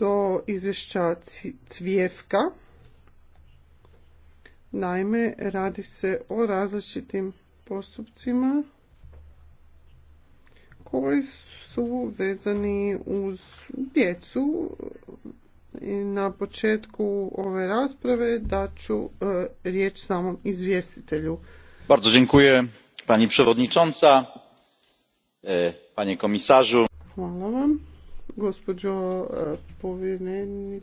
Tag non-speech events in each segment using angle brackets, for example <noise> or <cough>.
do izvješća Cvijevka. Naime, radi se o različitim postupcima koji su vezani uz djecu. I na početku ove rasprave daću e, riječ samom izvjestitelju. Bardzo dziękuję pani przewodnicząca, e, panie komisarzu. Hvala vam. Gospođo e, povjereni,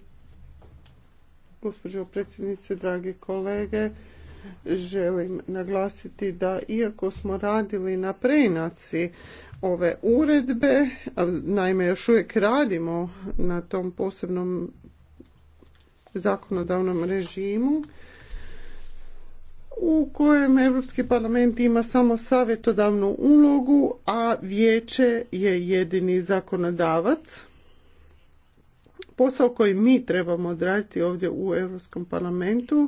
gospođo predsjednice, dragi kolege, želim naglasiti da iako smo radili na preinaci ove uredbe, naime još uvijek radimo na tom posebnom zakonodavnom režimu, u kojem Europski parlament ima samo savjetodavnu ulogu, a vijeće je jedini zakonodavac posao koji mi trebamo odraditi ovdje u Europskom parlamentu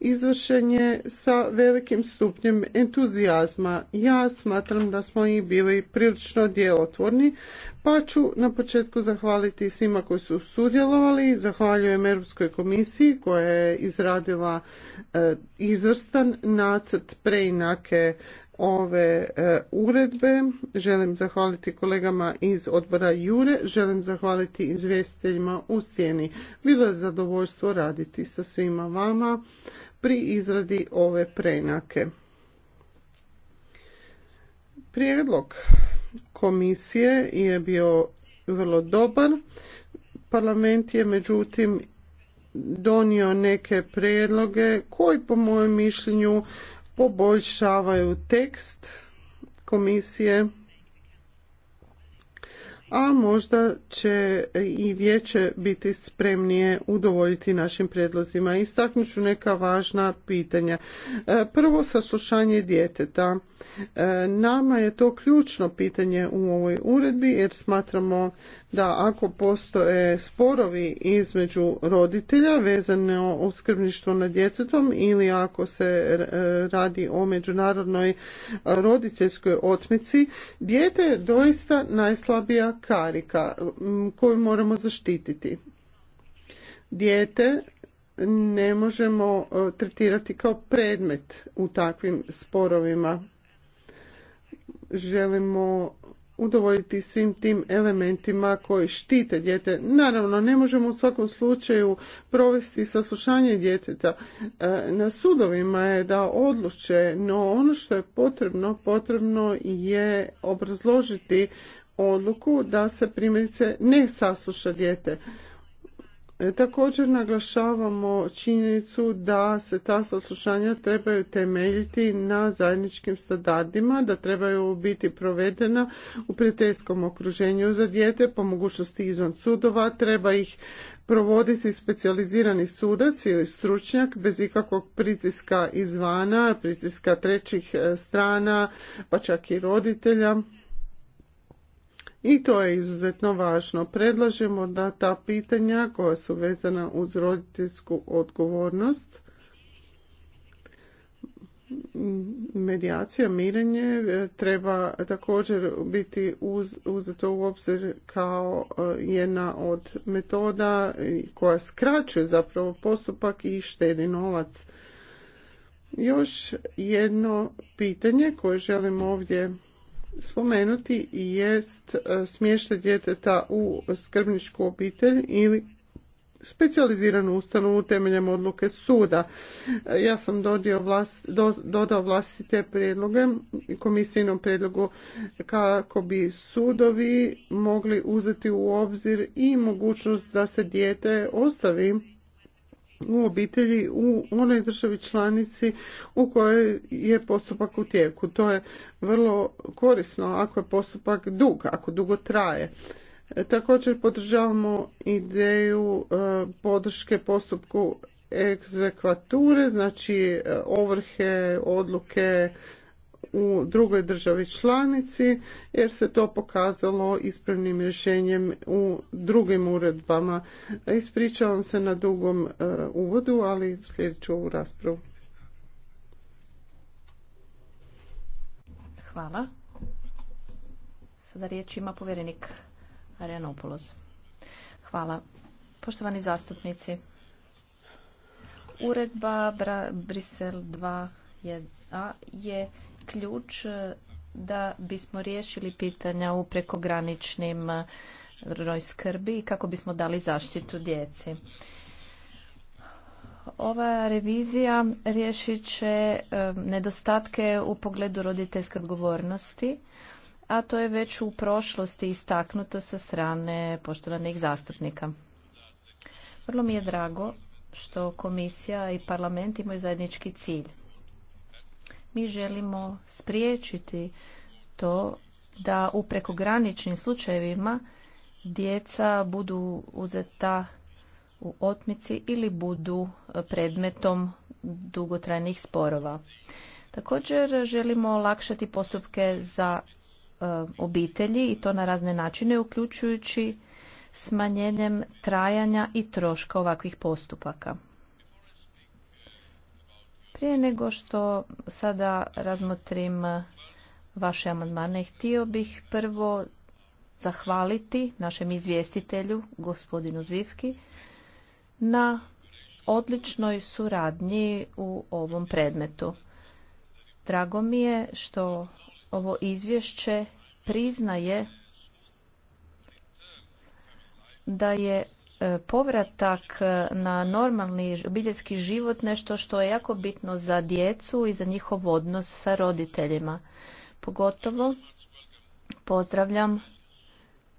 izvršen je sa velikim stupnjem entuzijazma. Ja smatram da smo i bili prilično djelotvorni, pa ću na početku zahvaliti svima koji su sudjelovali. Zahvaljujem Europskoj komisiji koja je izradila e, izvrstan nacrt preinake ove e, uredbe. Želim zahvaliti kolegama iz odbora Jure, želim zahvaliti izvjestiteljima u Sjeni. Bilo je zadovoljstvo raditi sa svima vama pri izradi ove prenake. Prijedlog komisije je bio vrlo dobar. Parlament je međutim donio neke prijedloge koji po mojem mišljenju poboljšavaju tekst komisije a možda će i vijeće biti spremnije udovoljiti našim prijedlozima. Istaknut ću neka važna pitanja. E, prvo, saslušanje djeteta. E, nama je to ključno pitanje u ovoj uredbi jer smatramo da ako postoje sporovi između roditelja vezano o skrbništvo nad djetetom ili ako se e, radi o međunarodnoj roditeljskoj otmici, dijete je doista najslabija karika koju moramo zaštititi. Dijete ne možemo e, tretirati kao predmet u takvim sporovima želimo udovoljiti svim tim elementima koji štite dijete. Naravno, ne možemo u svakom slučaju provesti saslušanje djeteta. E, na sudovima je da odluče, no ono što je potrebno, potrebno je obrazložiti odluku da se primjerice ne sasluša dijete. E, također naglašavamo činjenicu da se ta saslušanja trebaju temeljiti na zajedničkim standardima, da trebaju biti provedena u prijateljskom okruženju za dijete, po mogućnosti izvan sudova, treba ih provoditi specijalizirani sudac ili stručnjak bez ikakvog pritiska izvana, pritiska trećih e, strana, pa čak i roditelja i to je izuzetno važno. Predlažemo da ta pitanja koja su vezana uz roditeljsku odgovornost, medijacija, mirenje treba također biti uz, uzeto u obzir kao e, jedna od metoda koja skraćuje zapravo postupak i štedi novac. Još jedno pitanje koje želim ovdje spomenuti jest e, smještaj djeteta u skrbničku obitelj ili specijaliziranu ustanovu temeljem odluke suda. E, ja sam dodio vlast, dodao vlastite prijedloge komisijnom prijedlogu kako bi sudovi mogli uzeti u obzir i mogućnost da se dijete ostavi u obitelji u onoj državi članici u kojoj je postupak u tijeku. To je vrlo korisno ako je postupak dug, ako dugo traje. E, također podržavamo ideju e, podrške postupku egzekvature, znači e, ovrhe, odluke u drugoj državi članici jer se to pokazalo ispravnim rješenjem u drugim uredbama. Ispričavam se na dugom e, uvodu, ali slijedit ću ovu raspravu. Hvala. Sada riječ ima povjerenik Arenopoulos. Hvala. Poštovani zastupnici, uredba Brisel 2 je ključ e, da bismo riješili pitanja u prekograničnim e, roj skrbi i kako bismo dali zaštitu djeci. Ova revizija riješit će e, nedostatke u pogledu roditeljske odgovornosti, a to je već u prošlosti istaknuto sa strane poštovanih zastupnika. Vrlo mi je drago što komisija i parlament imaju zajednički cilj mi želimo spriječiti to da u prekograničnim slučajevima djeca budu uzeta u otmici ili budu e, predmetom dugotrajnih sporova. Također želimo olakšati postupke za e, obitelji i to na razne načine uključujući smanjenjem trajanja i troška ovakvih postupaka. Prije nego što sada razmotrim vaše amandmane, htio bih prvo zahvaliti našem izvjestitelju, gospodinu Zvivki, na odličnoj suradnji u ovom predmetu. Drago mi je što ovo izvješće priznaje da je E, povratak e, na normalni obiteljski život nešto što je jako bitno za djecu i za njihov odnos sa roditeljima. Pogotovo pozdravljam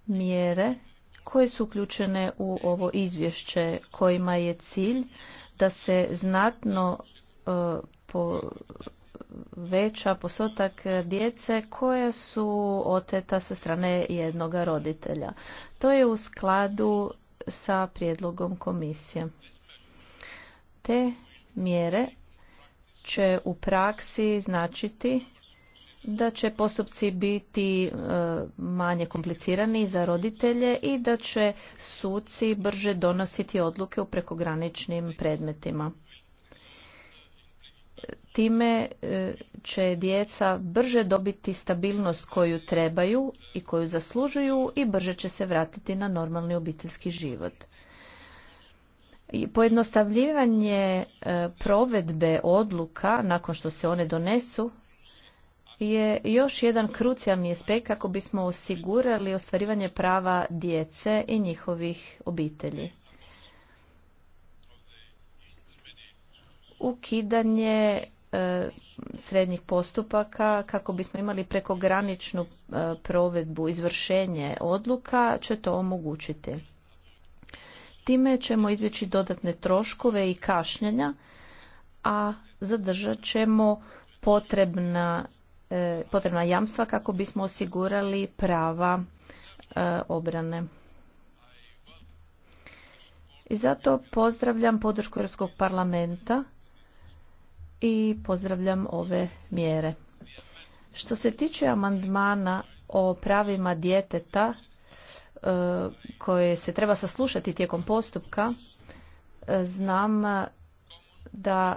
mjere koje su uključene u ovo izvješće kojima je cilj da se znatno e, veća postotak djece koja su oteta sa strane jednog roditelja. To je u skladu sa prijedlogom komisije. Te mjere će u praksi značiti da će postupci biti e, manje komplicirani za roditelje i da će suci brže donositi odluke u prekograničnim predmetima time e, će djeca brže dobiti stabilnost koju trebaju i koju zaslužuju i brže će se vratiti na normalni obiteljski život. pojednostavljivanje e, provedbe odluka nakon što se one donesu je još jedan krucijalni aspekt kako bismo osigurali ostvarivanje prava djece i njihovih obitelji. ukidanje e, srednjih postupaka kako bismo imali prekograničnu e, provedbu izvršenje odluka će to omogućiti. Time ćemo izbjeći dodatne troškove i kašnjenja, a zadržat ćemo potrebna, e, potrebna jamstva kako bismo osigurali prava obrane. I zato pozdravljam podršku Europskog parlamenta i pozdravljam ove mjere. Što se tiče amandmana o pravima djeteta e, koje se treba saslušati tijekom postupka, e, znam da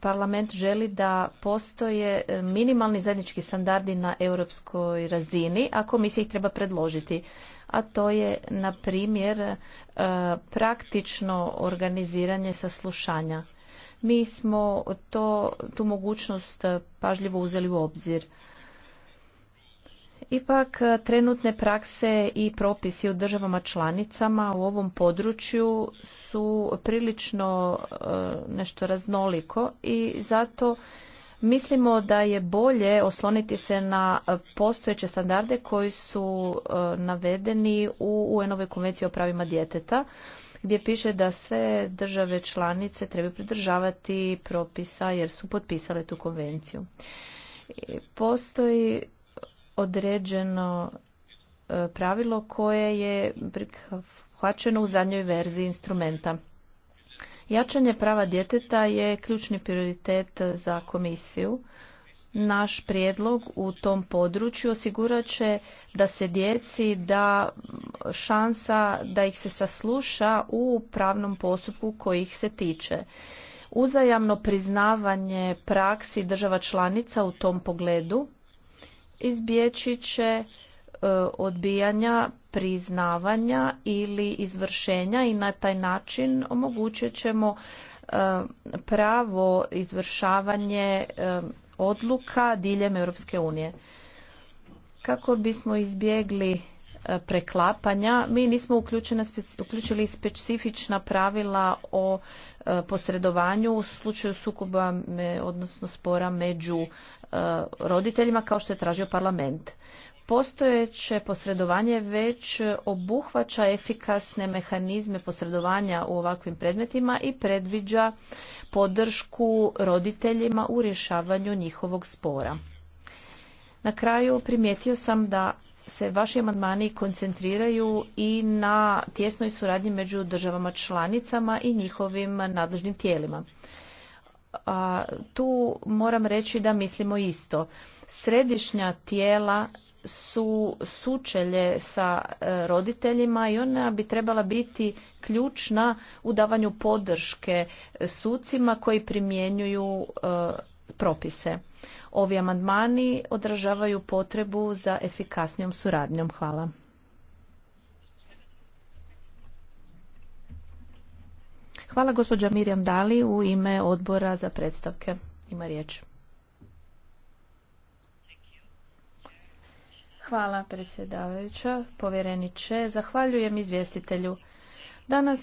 parlament želi da postoje minimalni zajednički standardi na europskoj razini, a komisija ih treba predložiti. A to je, na primjer, e, praktično organiziranje saslušanja mi smo to, tu mogućnost pažljivo uzeli u obzir. Ipak trenutne prakse i propisi u državama članicama u ovom području su prilično e, nešto raznoliko i zato mislimo da je bolje osloniti se na postojeće standarde koji su e, navedeni u UN-ove konvencije o pravima djeteta gdje piše da sve države članice trebaju pridržavati propisa jer su potpisale tu konvenciju. Postoji određeno e, pravilo koje je prihvaćeno u zadnjoj verziji instrumenta. Jačanje prava djeteta je ključni prioritet za komisiju naš prijedlog u tom području osigurat će da se djeci da šansa da ih se sasluša u pravnom postupku koji ih se tiče. Uzajamno priznavanje praksi država članica u tom pogledu izbjeći će e, odbijanja priznavanja ili izvršenja i na taj način omogućit ćemo e, pravo izvršavanje e, odluka diljem Europske unije. Kako bismo izbjegli e, preklapanja, mi nismo uključili specifična pravila o e, posredovanju u slučaju sukoba, odnosno spora među e, roditeljima kao što je tražio parlament. Postojeće posredovanje već obuhvaća efikasne mehanizme posredovanja u ovakvim predmetima i predviđa podršku roditeljima u rješavanju njihovog spora. Na kraju primijetio sam da se vaši amandmani koncentriraju i na tjesnoj suradnji među državama članicama i njihovim nadležnim tijelima. tu moram reći da mislimo isto. Središnja tijela su sučelje sa e, roditeljima i ona bi trebala biti ključna u davanju podrške e, sucima koji primjenjuju e, propise. Ovi amandmani odražavaju potrebu za efikasnijom suradnjom. Hvala. Hvala gospođa Mirjam Dali u ime odbora za predstavke. Ima riječ. Hvala predsjedavajuća, povjereniče. Zahvaljujem izvjestitelju. Danas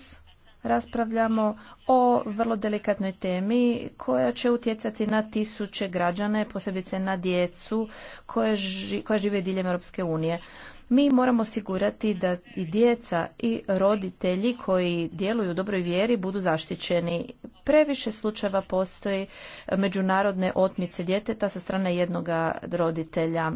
raspravljamo o vrlo delikatnoj temi koja će utjecati na tisuće građane, posebice na djecu koje žive diljem Europske unije. Mi moramo osigurati da i djeca i roditelji koji djeluju u dobroj vjeri budu zaštićeni. Previše slučajeva postoji međunarodne otmice djeteta sa strane jednog roditelja.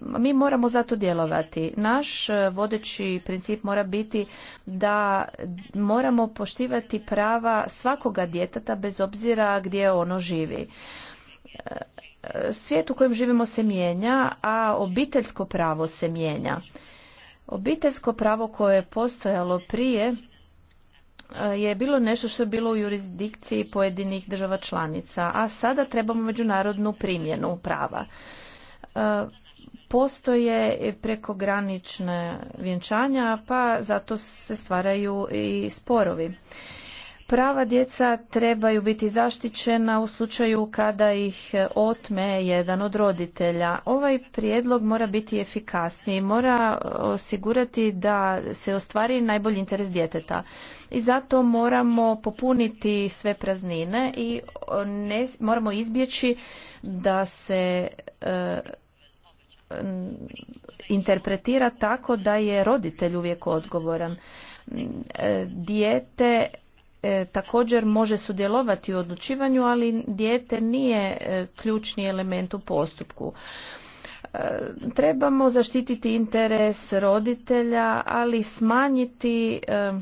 Mi moramo zato djelovati. Naš e, vodeći princip mora biti da moramo poštivati prava svakoga djeteta bez obzira gdje ono živi Svijet u kojem živimo se mijenja, a obiteljsko pravo se mijenja. Obiteljsko pravo koje je postojalo prije e, je bilo nešto što je bilo u jurisdikciji pojedinih država članica, a sada trebamo međunarodnu primjenu prava. E, postoje prekogranične vjenčanja, pa zato se stvaraju i sporovi. Prava djeca trebaju biti zaštićena u slučaju kada ih otme jedan od roditelja. Ovaj prijedlog mora biti efikasniji, mora osigurati da se ostvari najbolji interes djeteta. I zato moramo popuniti sve praznine i ne, moramo izbjeći da se e, interpretira tako da je roditelj uvijek odgovoran. E, dijete e, također može sudjelovati u odlučivanju, ali dijete nije e, ključni element u postupku. E, trebamo zaštititi interes roditelja, ali smanjiti e,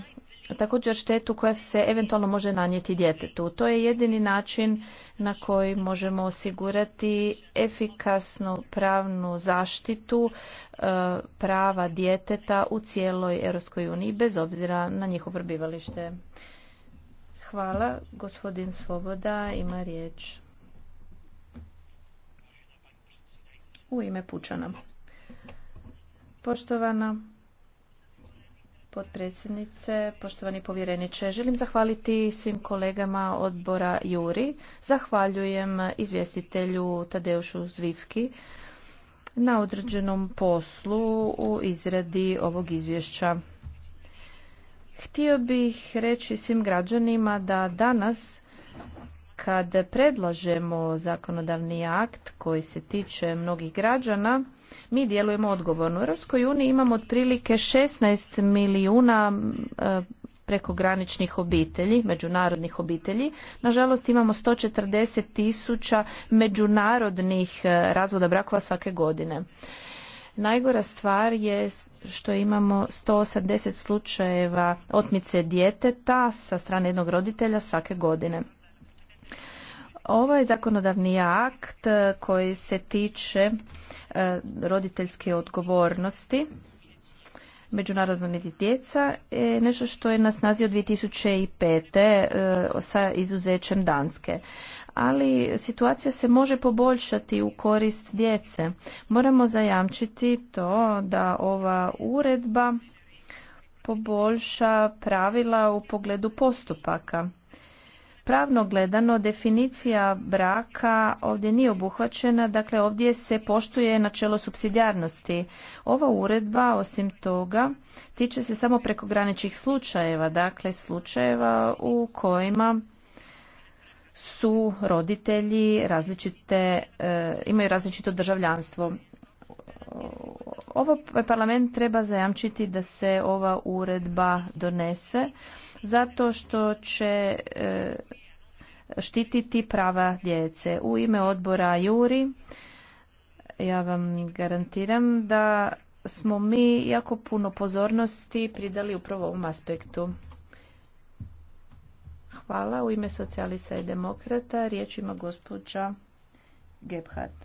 također štetu koja se eventualno može nanijeti djetetu. To je jedini način na koji možemo osigurati efikasnu pravnu zaštitu prava djeteta u cijeloj Europskoj uniji bez obzira na njihovo prebivalište. Hvala. Gospodin Svoboda ima riječ. U ime Pučana. Poštovana potpredsjednice, poštovani povjereniče, želim zahvaliti svim kolegama odbora Juri. Zahvaljujem izvjestitelju Tadeušu Zvivki na određenom poslu u izradi ovog izvješća. Htio bih reći svim građanima da danas kad predlažemo zakonodavni akt koji se tiče mnogih građana, mi djelujemo odgovorno. U Europskoj imamo otprilike 16 milijuna e, prekograničnih obitelji, međunarodnih obitelji. Nažalost imamo 140 tisuća međunarodnih e, razvoda brakova svake godine. Najgora stvar je što imamo 180 slučajeva otmice djeteta sa strane jednog roditelja svake godine. Ovaj zakonodavni akt koji se tiče e, roditeljske odgovornosti međunarodna djeca je nešto što je na snazi od 2005. E, sa izuzećem Danske ali situacija se može poboljšati u korist djece. Moramo zajamčiti to da ova uredba poboljša pravila u pogledu postupaka. Pravno gledano definicija braka ovdje nije obuhvaćena, dakle ovdje se poštuje načelo supsidijarnosti. Ova uredba osim toga tiče se samo prekograničnih slučajeva, dakle slučajeva u kojima su roditelji različite, e, imaju različito državljanstvo. Ovo ovaj parlament treba zajamčiti da se ova uredba donese zato što će e, štititi prava djece. U ime odbora Juri ja vam garantiram da smo mi jako puno pozornosti pridali upravo ovom aspektu. Hvala. U ime socijalista i demokrata riječ ima gospođa Gebhardt.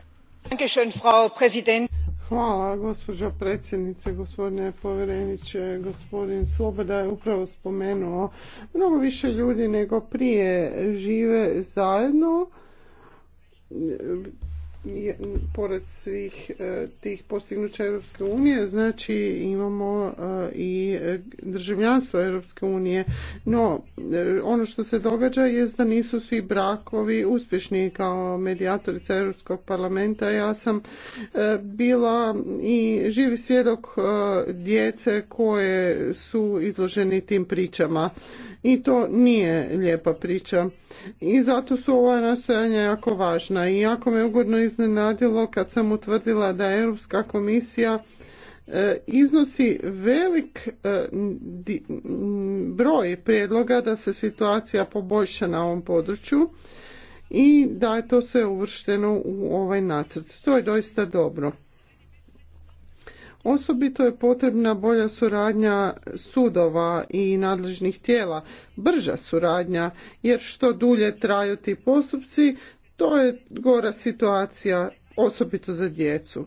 Hvala gospođo predsjednice, gospodine povjereniče, gospodin svoboda je upravo spomenuo. Mnogo više ljudi nego prije žive zajedno pored svih e, tih postignuća Europske unije, znači imamo e, i državljanstvo Europske unije. No, e, ono što se događa je da nisu svi brakovi uspješni kao medijatorica Europskog parlamenta. Ja sam bila i živi svjedok djece koje su izloženi tim pričama i to nije lijepa priča. I zato su ova nastojanja jako važna i jako me ugodno iznenadilo kad sam utvrdila da Europska komisija e, iznosi velik e, broj prijedloga da se situacija poboljša na ovom području i da je to sve uvršteno u ovaj nacrt. To je doista dobro. Osobito je potrebna bolja suradnja sudova i nadležnih tijela, brža suradnja, jer što dulje traju ti postupci, to je gora situacija, osobito za djecu.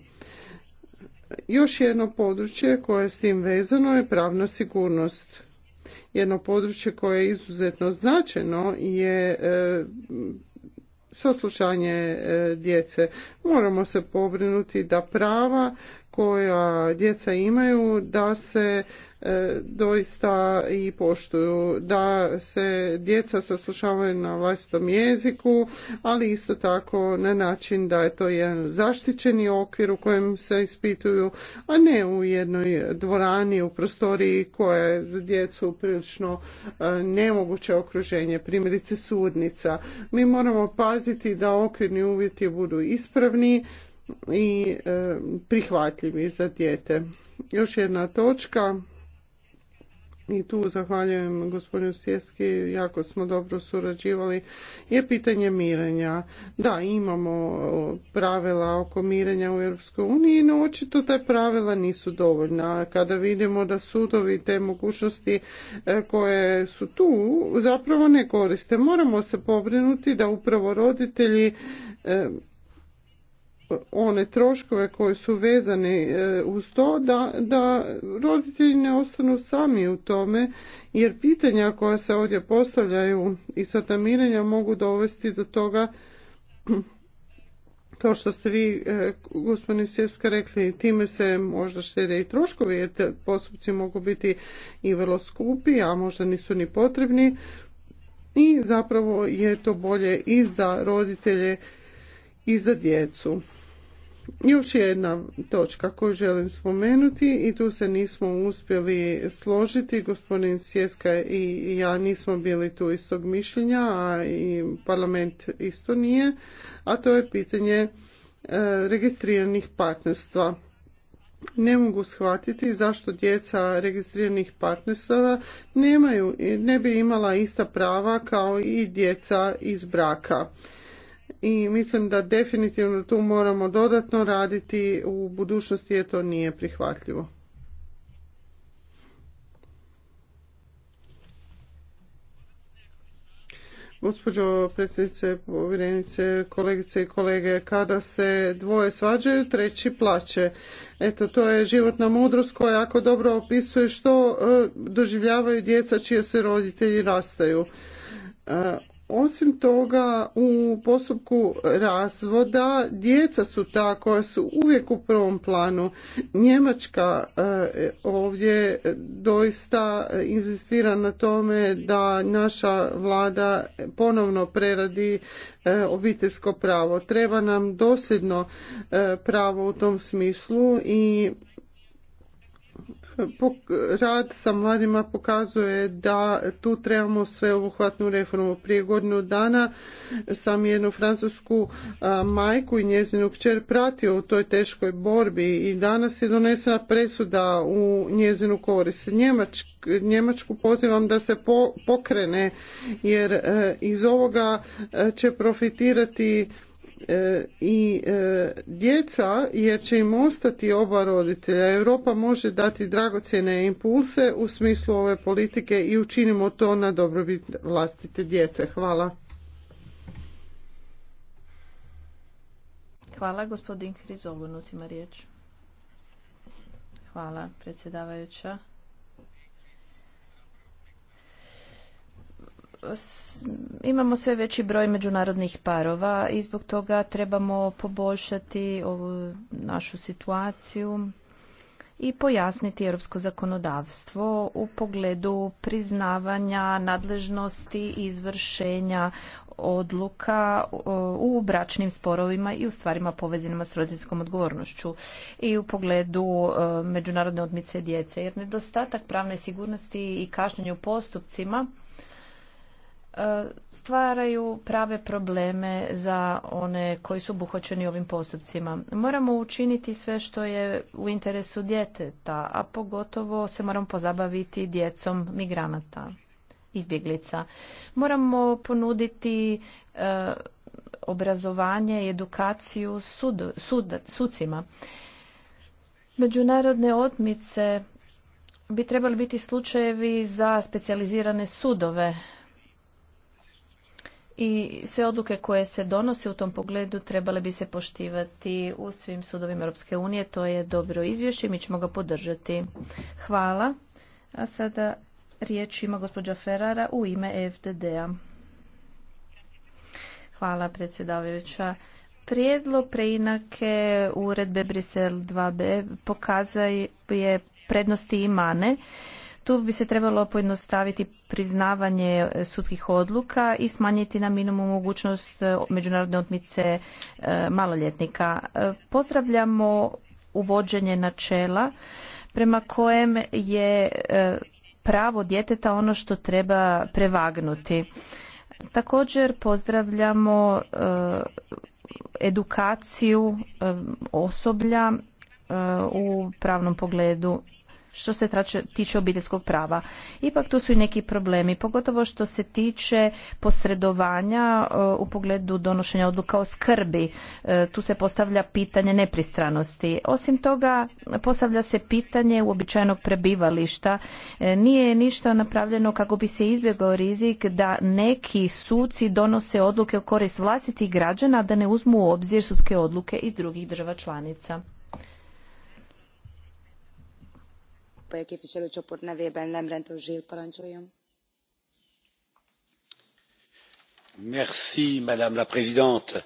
Još jedno područje koje je s tim vezano je pravna sigurnost. Jedno područje koje je izuzetno značajno je e, saslušanje e, djece. Moramo se pobrinuti da prava koja djeca imaju da se e, doista i poštuju, da se djeca saslušavaju na vlastitom jeziku, ali isto tako na način da je to jedan zaštićeni okvir u kojem se ispituju, a ne u jednoj dvorani, u prostoriji koja je za djecu prilično e, nemoguće okruženje, primjerice sudnica. Mi moramo paziti da okvirni uvjeti budu ispravni, i e, prihvatljivi za dijete. Još jedna točka i tu zahvaljujem gospodinu Sjeski, jako smo dobro surađivali, je pitanje mirenja. Da, imamo pravila oko mirenja u EU, no očito te pravila nisu dovoljna. Kada vidimo da sudovi te mogućnosti e, koje su tu zapravo ne koriste. Moramo se pobrinuti da upravo roditelji e, one troškove koji su vezani e, uz to da, da roditelji ne ostanu sami u tome jer pitanja koja se ovdje postavljaju i satamiranja mogu dovesti do toga <clears throat> kao što ste vi e, gospodine Sjeska rekli time se možda štede i troškovi jer te postupci mogu biti i vrlo skupi a možda nisu ni potrebni i zapravo je to bolje i za roditelje i za djecu. Još jedna točka koju želim spomenuti i tu se nismo uspjeli složiti. Gospodin Sjeska i ja nismo bili tu istog mišljenja, a i parlament isto nije, a to je pitanje e, registriranih partnerstva. Ne mogu shvatiti zašto djeca registriranih partnerstava nemaju, ne bi imala ista prava kao i djeca iz braka i mislim da definitivno tu moramo dodatno raditi u budućnosti jer to nije prihvatljivo. Gospođo predsjednice, povjerenice, kolegice i kolege, kada se dvoje svađaju, treći plaće. Eto, to je životna mudrost koja jako dobro opisuje što e, doživljavaju djeca čije se roditelji rastaju e, osim toga, u postupku razvoda djeca su ta koja su uvijek u prvom planu. Njemačka eh, ovdje doista inzistira na tome da naša vlada ponovno preradi eh, obiteljsko pravo. Treba nam dosljedno eh, pravo u tom smislu i rad sa mladima pokazuje da tu trebamo sveobuhvatnu reformu. Prije godinu dana sam jednu francusku majku i njezinu kćer pratio u toj teškoj borbi i danas je donesena presuda u njezinu korist. Njemačku pozivam da se pokrene jer e, iz ovoga e, će profitirati E, i e, djeca jer će im ostati oba roditelja. Europa može dati dragocjene impulse u smislu ove politike i učinimo to na dobrobit vlastite djece. Hvala. Hvala, gospodin Hrizogonus ima riječ. Hvala, predsjedavajuća. imamo sve veći broj međunarodnih parova i zbog toga trebamo poboljšati ovu našu situaciju i pojasniti europsko zakonodavstvo u pogledu priznavanja nadležnosti izvršenja odluka u bračnim sporovima i u stvarima povezanima s roditeljskom odgovornošću i u pogledu međunarodne odmice djece. Jer nedostatak pravne sigurnosti i kašnjenje u postupcima E, stvaraju prave probleme za one koji su obuhvaćeni ovim postupcima. Moramo učiniti sve što je u interesu djeteta, a pogotovo se moramo pozabaviti djecom migranata, izbjeglica. Moramo ponuditi e, obrazovanje i edukaciju sud, sud, sucima. Međunarodne otmice bi trebali biti slučajevi za specijalizirane sudove i sve odluke koje se donose u tom pogledu trebale bi se poštivati u svim sudovima Europske unije. To je dobro izvješće i mi ćemo ga podržati. Hvala. A sada riječ ima gospođa Ferrara u ime e FDD-a. Hvala predsjedavajuća. Prijedlog preinake uredbe Brisel 2b pokazuje prednosti i mane tu bi se trebalo pojednostaviti priznavanje e, sudskih odluka i smanjiti na minimum mogućnost e, međunarodne otmice e, maloljetnika. Pozdravljamo uvođenje načela prema kojem je pravo djeteta ono što treba prevagnuti. Također pozdravljamo edukaciju osoblja u pravnom pogledu što se trače, tiče obiteljskog prava. Ipak tu su i neki problemi, pogotovo što se tiče posredovanja e, u pogledu donošenja odluka o skrbi. E, tu se postavlja pitanje nepristranosti. Osim toga, postavlja se pitanje uobičajenog prebivališta. E, nije ništa napravljeno kako bi se izbjegao rizik da neki suci donose odluke u korist vlastitih građana, da ne uzmu u obzir sudske odluke iz drugih država članica. Merci, madame la présidente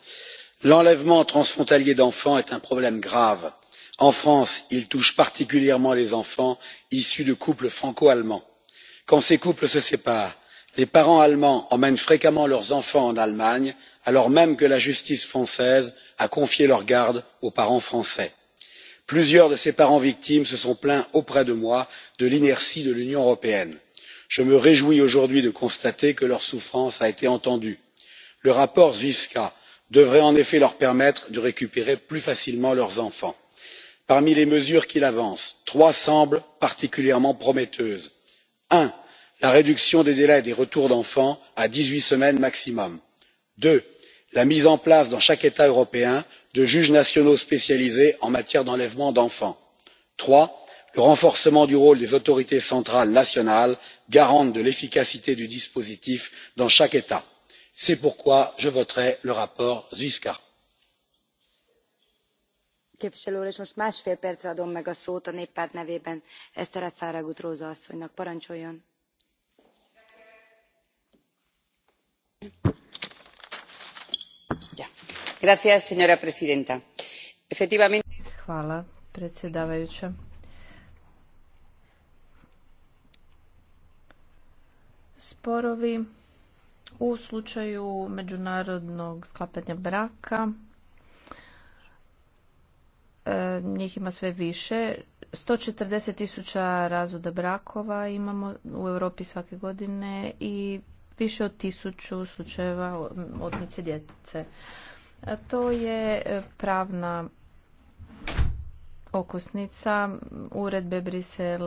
l'enlèvement transfrontalier d'enfants est un problème grave. en france il touche particulièrement les enfants issus de couples franco allemands. quand ces couples se séparent les parents allemands emmènent fréquemment leurs enfants en allemagne alors même que la justice française a confié leur garde aux parents français plusieurs de ses parents victimes se sont plaints auprès de moi de l'inertie de l'union européenne. je me réjouis aujourd'hui de constater que leur souffrance a été entendue. le rapport zwiefka devrait en effet leur permettre de récupérer plus facilement leurs enfants. parmi les mesures qu'il avance trois semblent particulièrement prometteuses premièrement la réduction des délais des retours d'enfants à dix huit semaines maximum. deuxièmement la mise en place dans chaque état européen de juges nationaux spécialisés en matière d'enlèvement d'enfants. troisièmement le renforcement du rôle des autorités centrales nationales garante de l'efficacité du dispositif dans chaque état. c'est pourquoi je voterai le rapport zwiefka. señora presidenta efectivamente. hvala predsjedavajuća sporovi u slučaju međunarodnog sklapanja braka e, njih ima sve više. sto četrdeset tisuća razvoda brakova imamo u Europi svake godine i više od tisuću slučajeva otmice djece. To je e, pravna okusnica uredbe Brisel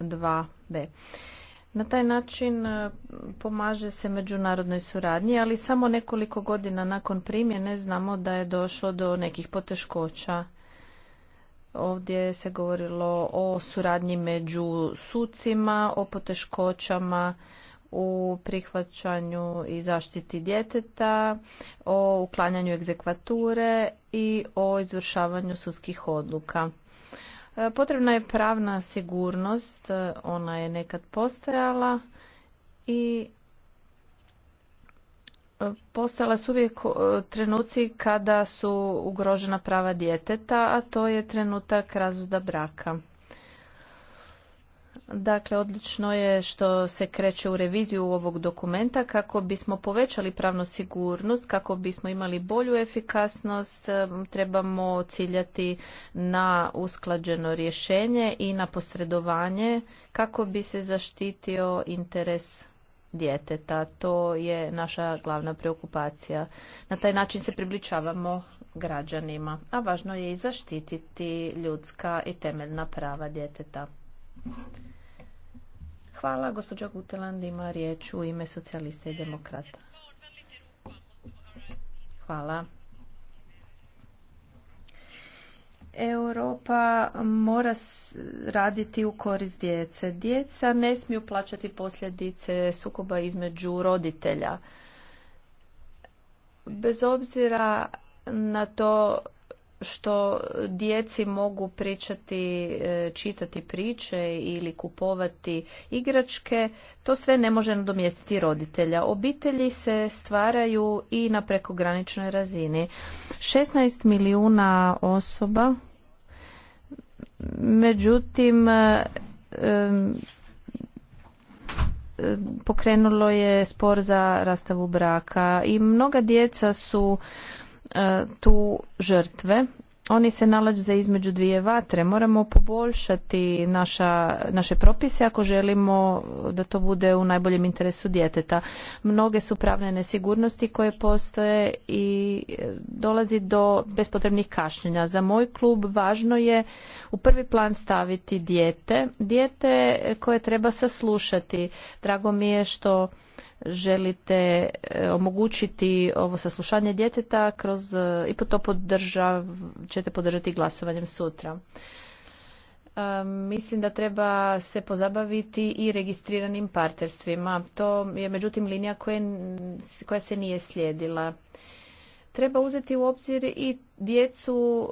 2b. E, Na taj način e, pomaže se međunarodnoj suradnji, ali samo nekoliko godina nakon primjene znamo da je došlo do nekih poteškoća. Ovdje se govorilo o suradnji među sucima, o poteškoćama u prihvaćanju i zaštiti djeteta, o uklanjanju egzekvature i o izvršavanju sudskih odluka. E, potrebna je pravna sigurnost, e, ona je nekad postojala i e, postala su uvijek trenuci kada su ugrožena prava djeteta, a to je trenutak razvoda braka. Dakle, odlično je što se kreće u reviziju ovog dokumenta kako bismo povećali pravnu sigurnost, kako bismo imali bolju efikasnost, trebamo ciljati na usklađeno rješenje i na posredovanje kako bi se zaštitio interes djeteta. To je naša glavna preokupacija. Na taj način se približavamo građanima, a važno je i zaštititi ljudska i temeljna prava djeteta. Hvala, gospođa Guteland ima riječ u ime socijalista i demokrata. Hvala. Europa mora raditi u korist djece. Djeca ne smiju plaćati posljedice sukoba između roditelja. Bez obzira na to što djeci mogu pričati, e, čitati priče ili kupovati igračke, to sve ne može nadomjestiti roditelja. Obitelji se stvaraju i na prekograničnoj razini. 16 milijuna osoba, međutim, e, e, pokrenulo je spor za rastavu braka i mnoga djeca su E, tu žrtve. Oni se nalaze između dvije vatre. Moramo poboljšati naša, naše propise ako želimo da to bude u najboljem interesu djeteta. Mnoge su pravne nesigurnosti koje postoje i e, dolazi do bespotrebnih kašnjenja. Za moj klub važno je u prvi plan staviti dijete. Dijete koje treba saslušati. Drago mi je što želite e, omogućiti ovo saslušanje djeteta kroz, e, i po to podržav, ćete podržati glasovanjem sutra. E, mislim da treba se pozabaviti i registriranim partnerstvima. To je međutim linija koja se nije slijedila. Treba uzeti u obzir i djecu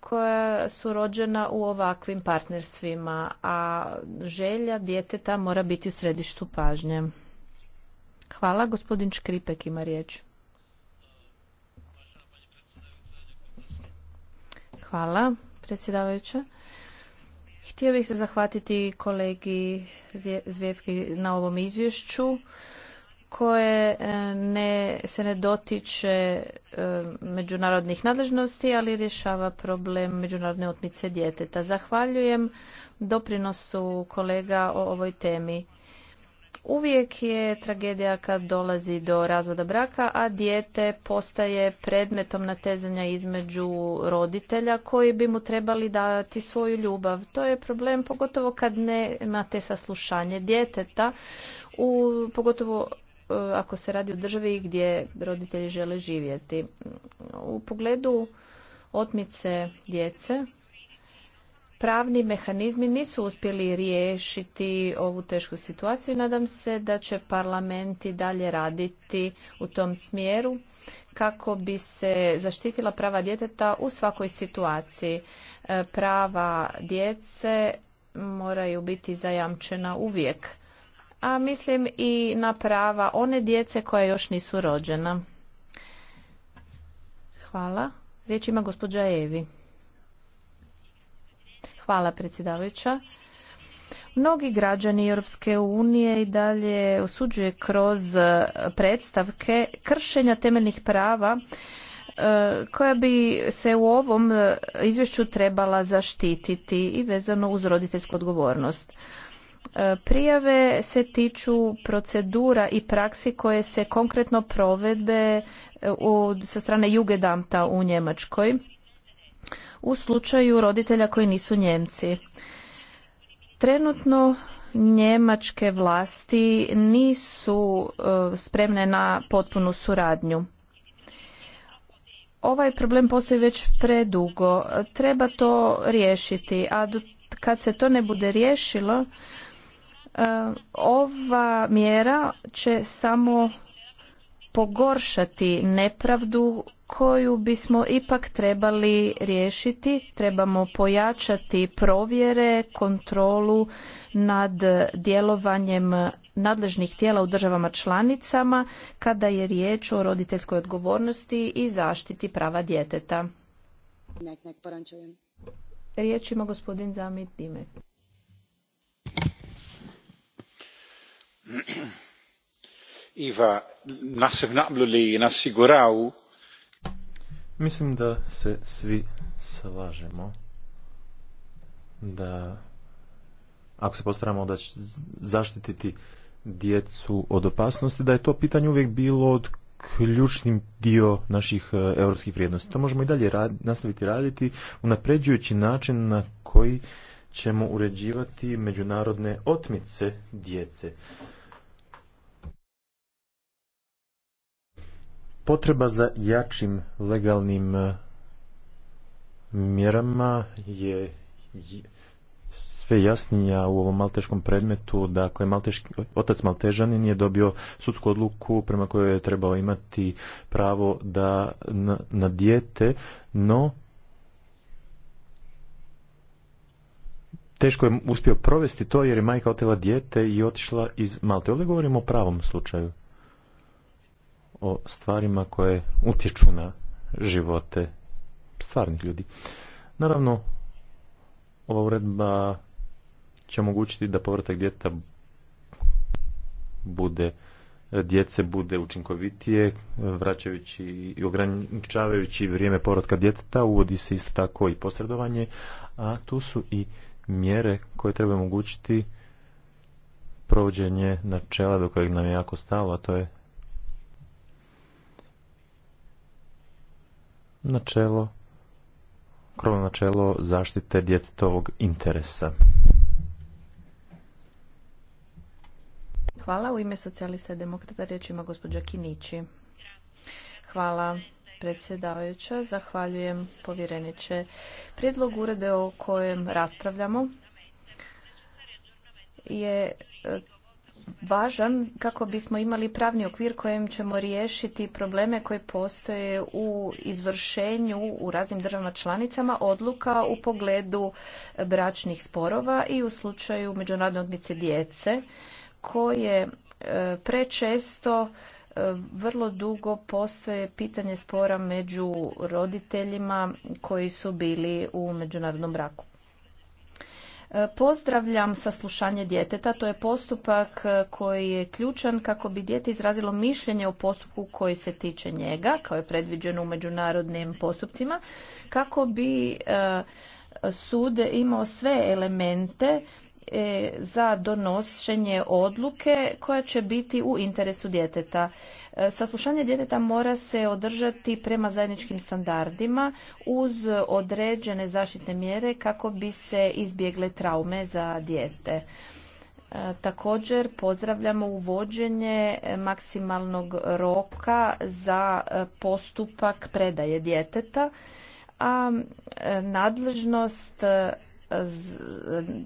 koja su rođena u ovakvim partnerstvima, a želja djeteta mora biti u središtu pažnje. Hvala. Gospodin Škripek ima riječ. Hvala, predsjedavajuća. Htio bih se zahvatiti kolegi Zvijevki na ovom izvješću koje e, ne, se ne dotiče e, međunarodnih nadležnosti, ali rješava problem međunarodne otmice djeteta. Zahvaljujem doprinosu kolega o ovoj temi. Uvijek je tragedija kad dolazi do razvoda braka, a dijete postaje predmetom natezanja između roditelja koji bi mu trebali dati svoju ljubav. To je problem pogotovo kad ne imate saslušanje djeteta, u, pogotovo e, ako se radi o državi gdje roditelji žele živjeti. U pogledu otmice djece pravni mehanizmi nisu uspjeli riješiti ovu tešku situaciju. i Nadam se da će parlamenti dalje raditi u tom smjeru kako bi se zaštitila prava djeteta u svakoj situaciji. E, prava djece moraju biti zajamčena uvijek, a mislim i na prava one djece koja još nisu rođena. Hvala. Riječ ima gospođa Evi. Hvala predsjedavajuća. Mnogi građani Europske unije i dalje osuđuje kroz e, predstavke kršenja temeljnih prava e, koja bi se u ovom e, izvješću trebala zaštititi i vezano uz roditeljsku odgovornost. Prijave se tiču procedura i praksi koje se konkretno provedbe sa strane Jugendamta u Njemačkoj u slučaju roditelja koji nisu Njemci. Trenutno njemačke vlasti nisu e, spremne na potpunu suradnju. Ovaj problem postoji već predugo. Treba to riješiti, a kad se to ne bude riješilo, e, ova mjera će samo pogoršati nepravdu koju bismo ipak trebali riješiti. Trebamo pojačati provjere, kontrolu nad djelovanjem nadležnih tijela u državama članicama kada je riječ o roditeljskoj odgovornosti i zaštiti prava djeteta. Riječ ima gospodin Zamit Dime. Iva, na li Mislim da se svi slažemo da ako se postaramo da će zaštititi djecu od opasnosti, da je to pitanje uvijek bilo od ključnim dio naših e, europskih vrijednosti. To možemo i dalje rad, nastaviti raditi unapređujući način na koji ćemo uređivati međunarodne otmice djece. Potreba za jačim legalnim e, mjerama je sve jasnija u ovom malteškom predmetu. Dakle, malteški, otac Maltežanin je dobio sudsku odluku prema kojoj je trebao imati pravo da na, na dijete, no teško je uspio provesti to jer je majka otela dijete i otišla iz Malte. Ovdje govorimo o pravom slučaju o stvarima koje utječu na živote stvarnih ljudi. Naravno, ova uredba će omogućiti da povratak djeta bude djece bude učinkovitije, vraćajući i ograničavajući vrijeme povratka djeteta, uvodi se isto tako i posredovanje, a tu su i mjere koje treba omogućiti provođenje načela do kojeg nam je jako stalo, a to je načelo, krovno načelo zaštite djetetovog interesa. Hvala. U ime socijalista i demokrata riječ ima gospođa Kinići. Hvala predsjedavajuća. Zahvaljujem povjereniče. Prijedlog uredbe o kojem raspravljamo je važan kako bismo imali pravni okvir kojim ćemo riješiti probleme koji postoje u izvršenju u raznim državama članicama odluka u pogledu bračnih sporova i u slučaju međunarodne odmice djece koje e, prečesto e, vrlo dugo postoje pitanje spora među roditeljima koji su bili u međunarodnom braku. Pozdravljam saslušanje djeteta. To je postupak e, koji je ključan kako bi dijete izrazilo mišljenje o postupku koji se tiče njega, kao je predviđeno u međunarodnim postupcima, kako bi e, sud imao sve elemente e, za donošenje odluke koja će biti u interesu djeteta. Saslušanje djeteta mora se održati prema zajedničkim standardima uz određene zaštitne mjere kako bi se izbjegle traume za dijete. E, također pozdravljamo uvođenje maksimalnog roka za e, postupak predaje djeteta, a e, nadležnost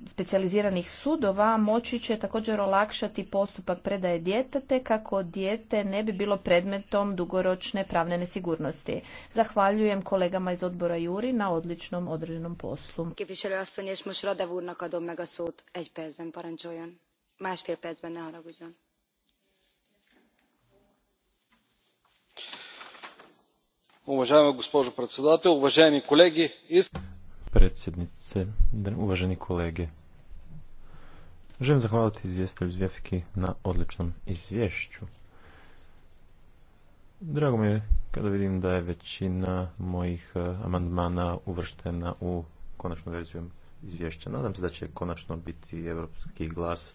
specijaliziranih sudova moći će također olakšati postupak predaje djetete kako dijete ne bi bilo predmetom dugoročne pravne nesigurnosti. Zahvaljujem kolegama iz odbora Juri na odličnom određenom poslu. gospođo uvažajmi kolegi predsjednice, uvaženi kolege. Želim zahvaliti izvjestelju Zvjefki na odličnom izvješću. Drago mi je kada vidim da je većina mojih e, amandmana uvrštena u konačnu verziju izvješća. Nadam se da će konačno biti europski glas,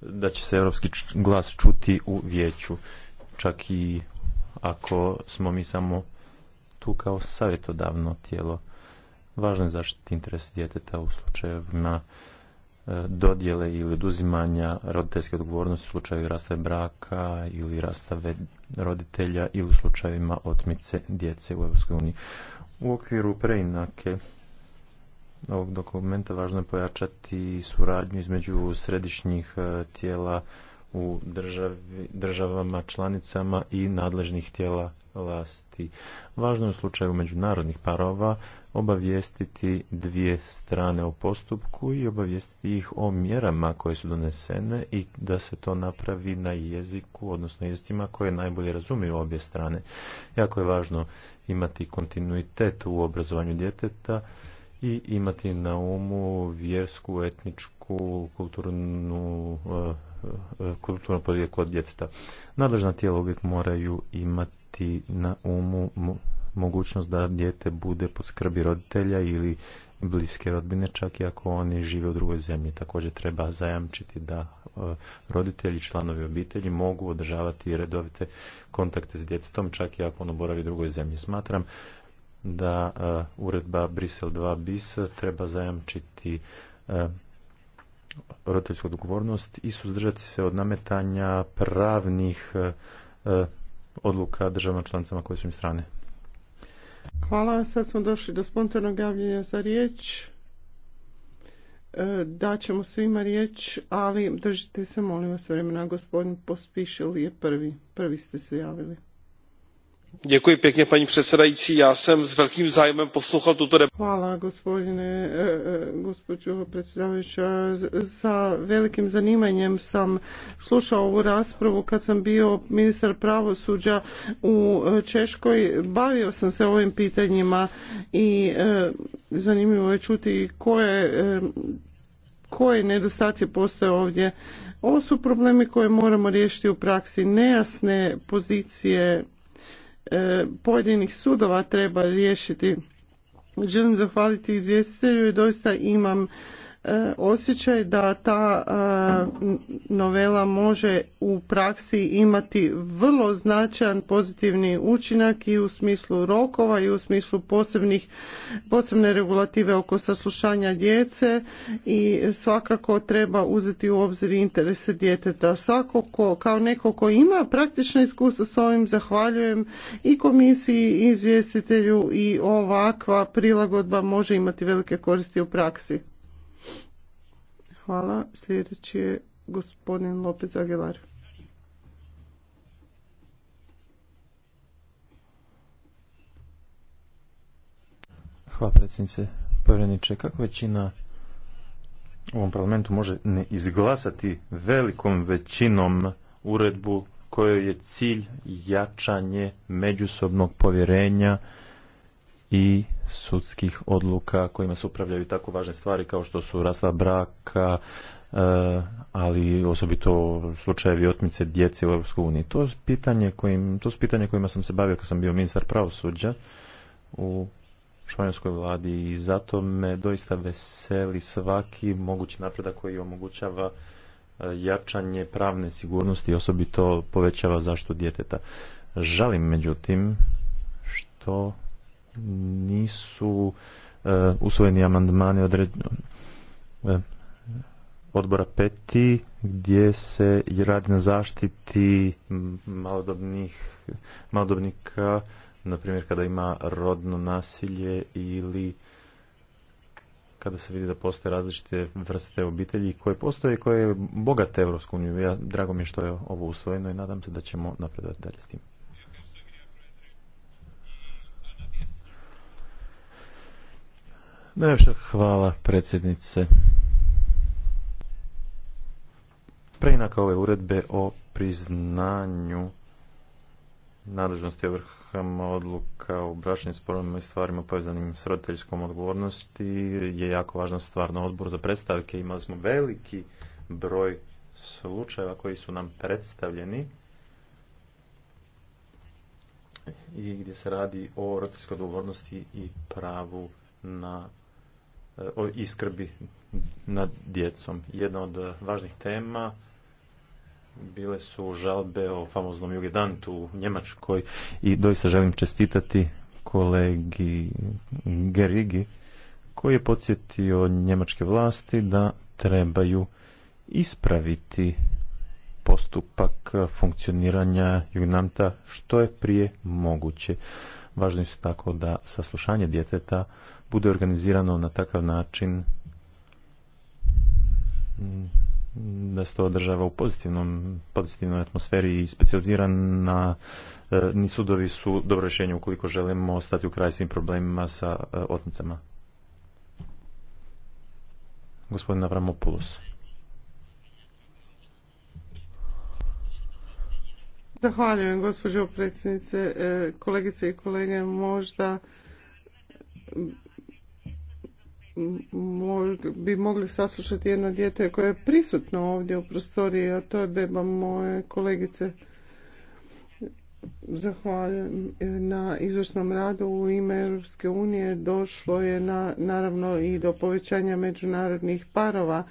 da će se europski glas čuti u vijeću. Čak i ako smo mi samo tu kao savjetodavno tijelo. Važno je zaštiti interes djeteta u slučajevima e, dodjele ili oduzimanja roditeljske odgovornosti u slučaju rastave braka ili rastave roditelja ili u slučajevima otmice djece u EU. U okviru preinake ovog dokumenta važno je pojačati suradnju između središnjih e, tijela u državama članicama i nadležnih tijela vlasti. Važno je u slučaju međunarodnih parova obavijestiti dvije strane o postupku i obavijestiti ih o mjerama koje su donesene i da se to napravi na jeziku, odnosno jezicima koje najbolje razumiju obje strane. Jako je važno imati kontinuitet u obrazovanju djeteta i imati na umu vjersku, etničku, kulturnu eh, eh, kulturno od djeteta. Nadležna tijela uvijek moraju imati na umu mogućnost da dijete bude pod skrbi roditelja ili bliske rodbine, čak i ako oni žive u drugoj zemlji. Također treba zajamčiti da e, roditelji, članovi obitelji mogu održavati redovite kontakte s djetetom, čak i ako ono boravi u drugoj zemlji. Smatram da e, uredba Brisel 2 bis treba zajamčiti e, roditeljsku odgovornost i suzdržati se od nametanja pravnih odluka državama članicama koje su im strane. Hvala. Sad smo došli do spontanog javljanja za riječ. E, Daćemo svima riječ, ali držite se molim vas vremena. Gospodin li je prvi. Prvi ste se javili paní předsedající já jsem s velkým zájmem poslouchal tuto debatu. hvala gospodine eh, eh, gospođo predsjedavajuća sa velikim zanimanjem sam slušao ovu raspravu kad sam bio ministar pravosuđa u eh, češkoj bavio sam se ovim pitanjima i zanimljivo je čuti koje koji nedostaci postoje ovdje. Ovo su problemi koje moramo riješiti u praksi. Nejasne pozicije E, pojedinih sudova treba riješiti. Želim zahvaliti izvjestitelju i doista imam E, osjećaj da ta e, novela može u praksi imati vrlo značajan pozitivni učinak i u smislu rokova i u smislu posebnih, posebne regulative oko saslušanja djece i svakako treba uzeti u obzir interese djeteta. Svako ko, kao neko ko ima praktično iskustvo s ovim zahvaljujem i komisiji i izvjestitelju i ovakva prilagodba može imati velike koristi u praksi. Hvala. Sljedeći je gospodin Lopez Aguilar. Hvala predsjednice povjereniče. Kako većina u ovom parlamentu može ne izglasati velikom većinom uredbu kojoj je cilj jačanje međusobnog povjerenja i sudskih odluka kojima se upravljaju tako važne stvari kao što su rasta braka, e, ali osobito slučajevi otmice djece u EU. To, je pitanje kojim, to su pitanje kojima sam se bavio kad sam bio ministar pravosuđa u španjolskoj vladi i zato me doista veseli svaki mogući napredak koji omogućava e, jačanje pravne sigurnosti i osobito povećava zaštitu djeteta. Žalim međutim što nisu e, usvojeni amandmani određeno odbora peti gdje se radi na zaštiti malodobnih malodobnika na primjer kada ima rodno nasilje ili kada se vidi da postoje različite vrste obitelji koje postoje i koje bogate Europsku uniju. Ja, drago mi je što je ovo usvojeno i nadam se da ćemo napredovati dalje s tim. Najviše hvala predsjednice. Preinaka ove uredbe o priznanju nadležnosti ovrhama odluka u bračnim sporovima i stvarima povezanim s roditeljskom odgovornosti je jako važna stvar na odboru za predstavke. Imali smo veliki broj slučajeva koji su nam predstavljeni i gdje se radi o roditeljskoj odgovornosti i pravu na o iskrbi nad djecom. Jedna od e, važnih tema bile su žalbe o famoznom jugedantu u Njemačkoj i doista želim čestitati kolegi Gerigi koji je podsjetio njemačke vlasti da trebaju ispraviti postupak funkcioniranja jugnanta što je prije moguće. Važno je tako da saslušanje djeteta bude organizirano na takav način mm, da se to održava u pozitivnom, pozitivnoj atmosferi i specijalizirana e, ni sudovi su dobro rješenje ukoliko želimo stati u kraj svim problemima sa e, otmicama. Gospodin Avramopoulos. Zahvaljujem, gospođo predsjednice. E, kolegice i kolege, možda bi mogli saslušati jedno dijete koje je prisutno ovdje u prostoriji, a to je beba moje kolegice. Zahvaljujem na izvrsnom radu u ime Europske unije. Došlo je na, naravno i do povećanja međunarodnih parova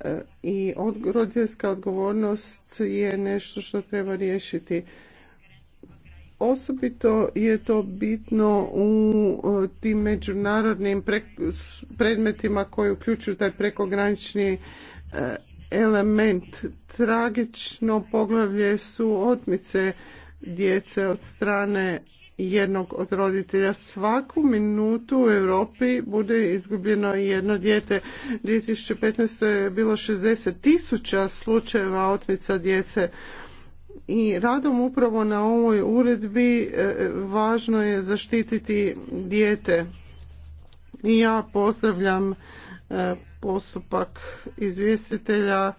e, i od, roditeljska odgovornost je nešto što treba riješiti Osobito je to bitno u e, tim međunarodnim predmetima koji uključuju taj prekogranični e, element. Tragično poglavlje su otmice djece od strane jednog od roditelja. Svaku minutu u Europi bude izgubljeno jedno dijete. 2015. je bilo 60.000 tisuća slučajeva otmica djece i radom upravo na ovoj uredbi e, važno je zaštititi dijete. I ja pozdravljam e, postupak izvjestitelja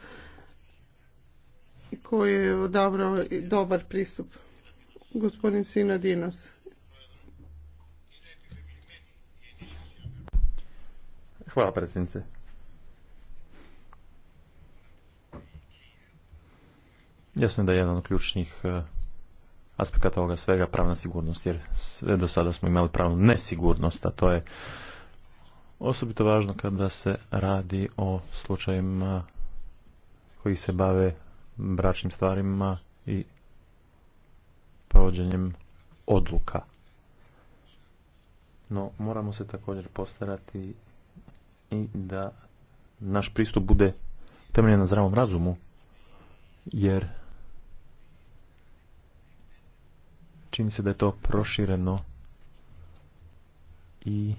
koji je odabrao dobar pristup. Gospodin Sina Dinos. Hvala predsjednice. Jasno da je jedan od ključnih e, aspekata ovoga svega pravna sigurnost, jer sve do sada smo imali pravnu nesigurnost, a to je osobito važno kada se radi o slučajima koji se bave bračnim stvarima i provođenjem odluka. No, moramo se također postarati i da naš pristup bude temeljen na zdravom razumu, jer čini se da je to prošireno i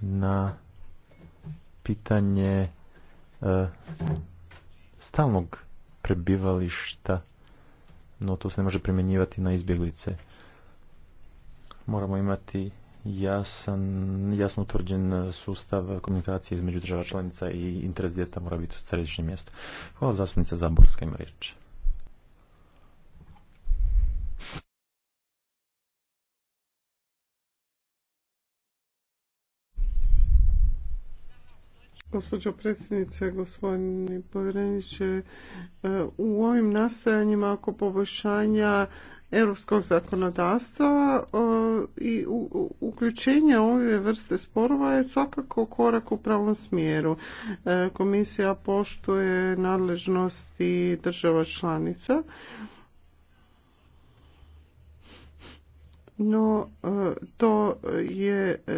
na pitanje e, stalnog prebivališta, no to se ne može primjenjivati na izbjeglice. Moramo imati jasan, jasno utvrđen sustav komunikacije između država članica i interes djeta mora biti u središnjem mjestu. Hvala zastupnica Zaborska ima riječ. Gospođo predsjednice, gospodine povjereniče, e, u ovim nastojanjima oko poboljšanja europskog zakonodavstva e, i uključenje ove vrste sporova je svakako korak u pravom smjeru. E, komisija poštuje nadležnosti država članica no e, to je e,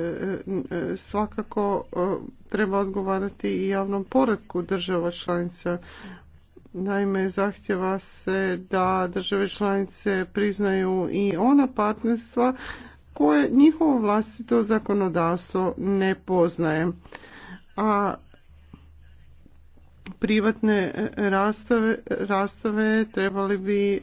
e, svakako treba odgovarati i javnom poretku država članica. Naime, zahtjeva se da države članice priznaju i ona partnerstva koje njihovo vlastito zakonodavstvo ne poznaje. A privatne rastave, rastave trebali bi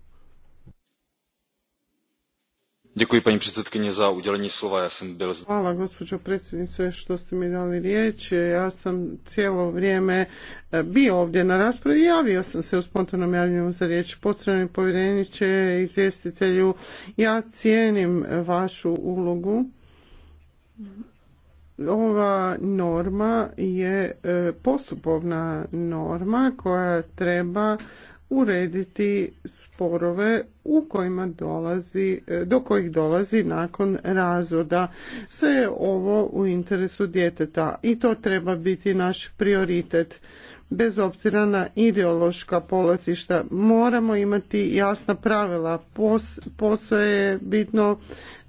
paní předsedající hvala gospođo predsjednice što ste mi dali riječ. ja sam cijelo vrijeme e, bio ovdje na raspravi i javio sam se u spontanom javljanju za riječ. poštovani povjereniče izvjestitelju ja cijenim vašu ulogu ova norma je e, postupovna norma koja treba urediti sporove u kojima dolazi, e, do kojih dolazi nakon razvoda. Sve je ovo u interesu djeteta i to treba biti naš prioritet. Bez obzira na ideološka polazišta moramo imati jasna pravila. posve je bitno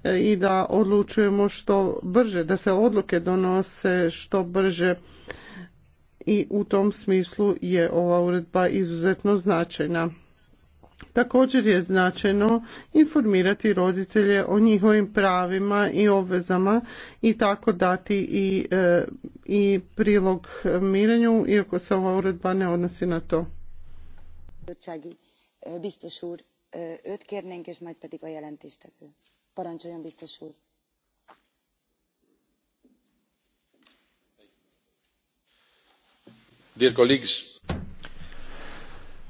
e, i da odlučujemo što brže, da se odluke donose što brže i u tom smislu je ova uredba izuzetno značajna. Također je značajno informirati roditelje o njihovim pravima i obvezama i tako dati i, e, i prilog mirenju, iako se ova uredba ne odnosi na to. E, biztos úr, öt e, kérnénk, és majd pedig a jelentéstevő. Parancsoljon,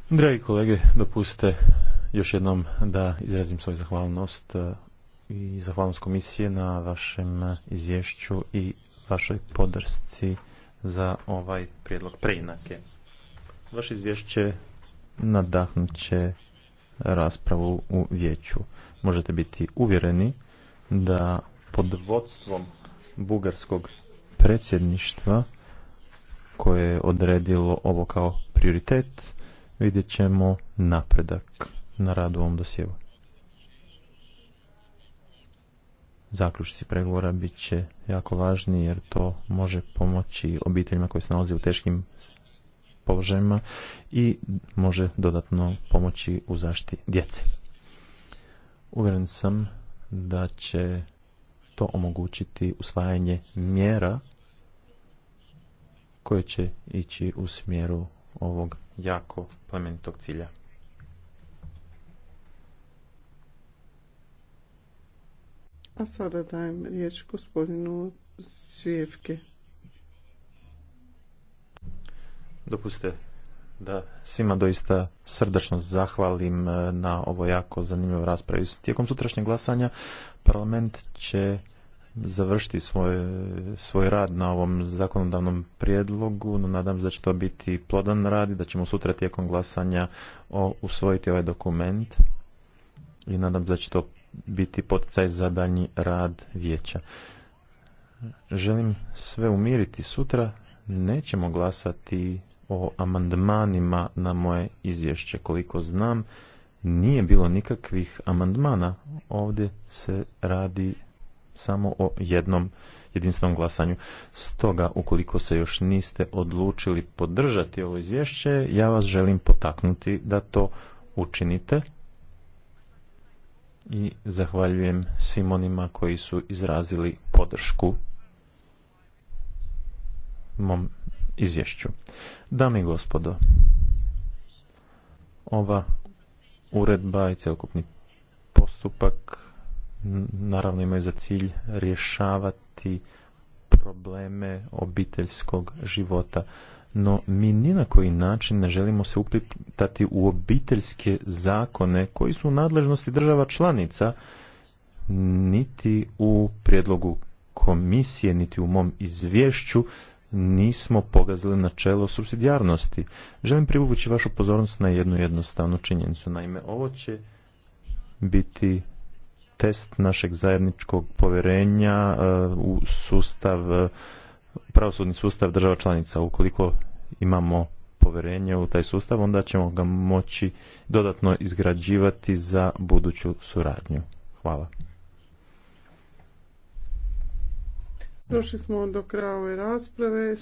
Dragi kolege, dopustite još jednom da izrazim svoju zahvalnost e, i zahvalnost komisije na vašem izvješću i vašoj podršci za ovaj prijedlog preinake. Vaše izvješće nadahnut će raspravu u vijeću. Možete biti uvjereni da pod vodstvom bugarskog predsjedništva koje je odredilo ovo kao prioritet, vidjet ćemo napredak na radu ovom dosjevu. Zaključci pregovora bit će jako važni jer to može pomoći obiteljima koji se nalaze u teškim položajima i može dodatno pomoći u zaštiti djece. Uvjeren sam da će to omogućiti usvajanje mjera koje će ići u smjeru ovog jako plemenitog cilja. A sada dajem riječ gospodinu Svijevke. Dopustite da svima doista srdačno zahvalim eh, na ovo jako zanimljivoj raspravi. Tijekom sutrašnjeg glasanja parlament će završiti svoj, svoj rad na ovom zakonodavnom prijedlogu, no nadam se da će to biti plodan rad i da ćemo sutra tijekom glasanja usvojiti ovaj dokument i nadam se da će to biti poticaj za daljnji rad vijeća. Želim sve umiriti sutra, nećemo glasati o amandmanima na moje izvješće. Koliko znam, nije bilo nikakvih amandmana. Ovdje se radi samo o jednom jedinstvenom glasanju. Stoga, ukoliko se još niste odlučili podržati ovo izvješće, ja vas želim potaknuti da to učinite i zahvaljujem svim onima koji su izrazili podršku mom izvješću. Dame i gospodo, ova uredba i celokupni postupak naravno imaju za cilj rješavati probleme obiteljskog života. No mi ni na koji način ne želimo se upitati u obiteljske zakone koji su u nadležnosti država članica, niti u prijedlogu komisije, niti u mom izvješću nismo pogazili načelo subsidijarnosti. Želim privući vašu pozornost na jednu jednostavnu činjenicu. Naime, ovo će biti test našeg zajedničkog povjerenja e, u sustav, e, pravosudni sustav država članica. Ukoliko imamo povjerenje u taj sustav, onda ćemo ga moći dodatno izgrađivati za buduću suradnju. Hvala. Došli smo do kraja ove rasprave.